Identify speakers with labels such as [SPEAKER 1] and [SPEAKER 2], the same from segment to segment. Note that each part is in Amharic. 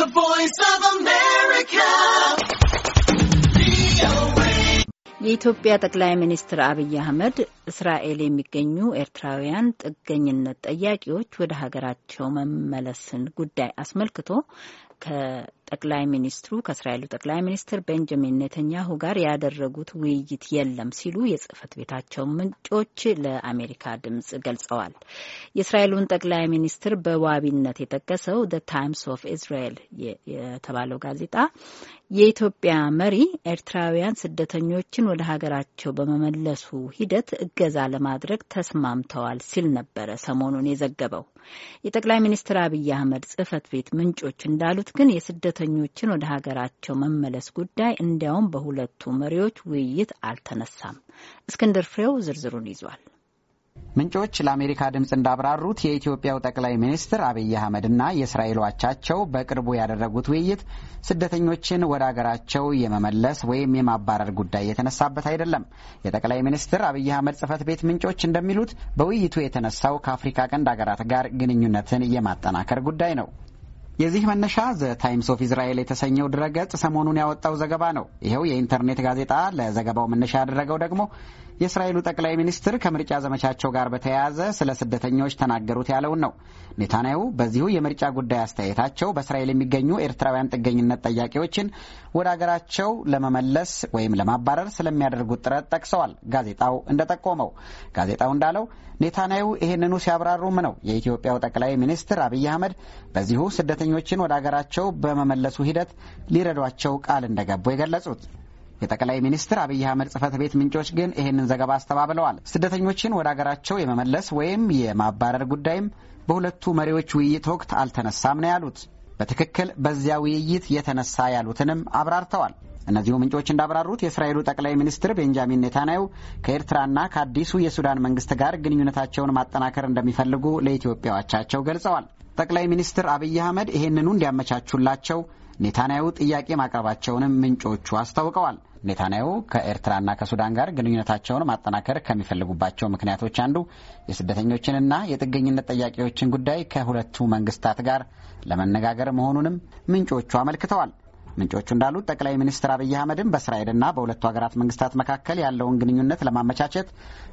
[SPEAKER 1] The Voice of America. የኢትዮጵያ ጠቅላይ ሚኒስትር አብይ አህመድ እስራኤል የሚገኙ ኤርትራውያን ጥገኝነት ጠያቂዎች ወደ ሀገራቸው መመለስን ጉዳይ አስመልክቶ ጠቅላይ ሚኒስትሩ ከእስራኤሉ ጠቅላይ ሚኒስትር ቤንጃሚን ኔተንያሁ ጋር ያደረጉት ውይይት የለም ሲሉ የጽህፈት ቤታቸው ምንጮች ለአሜሪካ ድምጽ ገልጸዋል። የእስራኤሉን ጠቅላይ ሚኒስትር በዋቢነት የጠቀሰው ደ ታይምስ ኦፍ እስራኤል የተባለው ጋዜጣ የኢትዮጵያ መሪ ኤርትራውያን ስደተኞችን ወደ ሀገራቸው በመመለሱ ሂደት እገዛ ለማድረግ ተስማምተዋል ሲል ነበረ ሰሞኑን የዘገበው። የጠቅላይ ሚኒስትር አብይ አህመድ ጽህፈት ቤት ምንጮች እንዳሉት ግን የስደ ስደተኞችን ወደ ሀገራቸው መመለስ ጉዳይ እንዲያውም በሁለቱ መሪዎች ውይይት አልተነሳም። እስክንድር ፍሬው ዝርዝሩን ይዟል። ምንጮች ለአሜሪካ
[SPEAKER 2] ድምፅ እንዳብራሩት የኢትዮጵያው ጠቅላይ ሚኒስትር አብይ አህመድና የእስራኤል አቻቸው በቅርቡ ያደረጉት ውይይት ስደተኞችን ወደ አገራቸው የመመለስ ወይም የማባረር ጉዳይ የተነሳበት አይደለም። የጠቅላይ ሚኒስትር አብይ አህመድ ጽህፈት ቤት ምንጮች እንደሚሉት በውይይቱ የተነሳው ከአፍሪካ ቀንድ አገራት ጋር ግንኙነትን የማጠናከር ጉዳይ ነው። የዚህ መነሻ ዘ ታይምስ ኦፍ ኢዝራኤል የተሰኘው ድረገጽ ሰሞኑን ያወጣው ዘገባ ነው። ይኸው የኢንተርኔት ጋዜጣ ለዘገባው መነሻ ያደረገው ደግሞ የእስራኤሉ ጠቅላይ ሚኒስትር ከምርጫ ዘመቻቸው ጋር በተያያዘ ስለ ስደተኞች ተናገሩት ያለውን ነው። ኔታንያሁ በዚሁ የምርጫ ጉዳይ አስተያየታቸው በእስራኤል የሚገኙ ኤርትራውያን ጥገኝነት ጠያቂዎችን ወደ አገራቸው ለመመለስ ወይም ለማባረር ስለሚያደርጉት ጥረት ጠቅሰዋል። ጋዜጣው እንደጠቆመው ጋዜጣው እንዳለው ኔታንያሁ ይህንኑ ሲያብራሩም ነው የኢትዮጵያው ጠቅላይ ሚኒስትር አብይ አህመድ በዚሁ ስደተኞችን ወደ አገራቸው በመመለሱ ሂደት ሊረዷቸው ቃል እንደገቡ የገለጹት። የጠቅላይ ሚኒስትር አብይ አህመድ ጽህፈት ቤት ምንጮች ግን ይህንን ዘገባ አስተባብለዋል። ስደተኞችን ወደ አገራቸው የመመለስ ወይም የማባረር ጉዳይም በሁለቱ መሪዎች ውይይት ወቅት አልተነሳም ነው ያሉት። በትክክል በዚያ ውይይት የተነሳ ያሉትንም አብራርተዋል። እነዚሁ ምንጮች እንዳብራሩት የእስራኤሉ ጠቅላይ ሚኒስትር ቤንጃሚን ኔታንያሁ ከኤርትራና ከአዲሱ የሱዳን መንግስት ጋር ግንኙነታቸውን ማጠናከር እንደሚፈልጉ ለኢትዮጵያዎቻቸው ገልጸዋል። ጠቅላይ ሚኒስትር አብይ አህመድ ይህንኑ እንዲያመቻቹላቸው ኔታንያሁ ጥያቄ ማቅረባቸውንም ምንጮቹ አስታውቀዋል። ኔታንያሁ ከኤርትራና ከሱዳን ጋር ግንኙነታቸውን ማጠናከር ከሚፈልጉባቸው ምክንያቶች አንዱ የስደተኞችንና የጥገኝነት ጥያቄዎችን ጉዳይ ከሁለቱ መንግስታት ጋር ለመነጋገር መሆኑንም ምንጮቹ አመልክተዋል። ምንጮቹ እንዳሉት ጠቅላይ ሚኒስትር አብይ አህመድም በእስራኤልና በሁለቱ ሀገራት መንግስታት መካከል ያለውን ግንኙነት ለማመቻቸት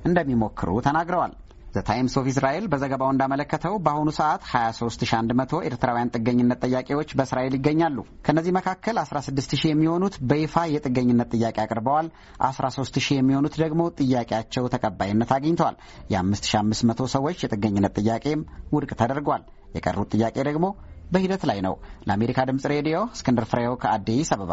[SPEAKER 2] እንደሚሞክሩ ተናግረዋል። ዘ ታይምስ ኦፍ እስራኤል በዘገባው እንዳመለከተው በአሁኑ ሰዓት 23100 ኤርትራውያን ጥገኝነት ጥያቄዎች በእስራኤል ይገኛሉ። ከእነዚህ መካከል 16000 የሚሆኑት በይፋ የጥገኝነት ጥያቄ አቅርበዋል። 13000 የሚሆኑት ደግሞ ጥያቄያቸው ተቀባይነት አግኝተዋል። የ5500 ሰዎች የጥገኝነት ጥያቄም ውድቅ ተደርጓል። የቀሩት ጥያቄ ደግሞ በሂደት ላይ ነው። ለአሜሪካ ድምፅ ሬዲዮ እስክንድር ፍሬው ከአዲስ አበባ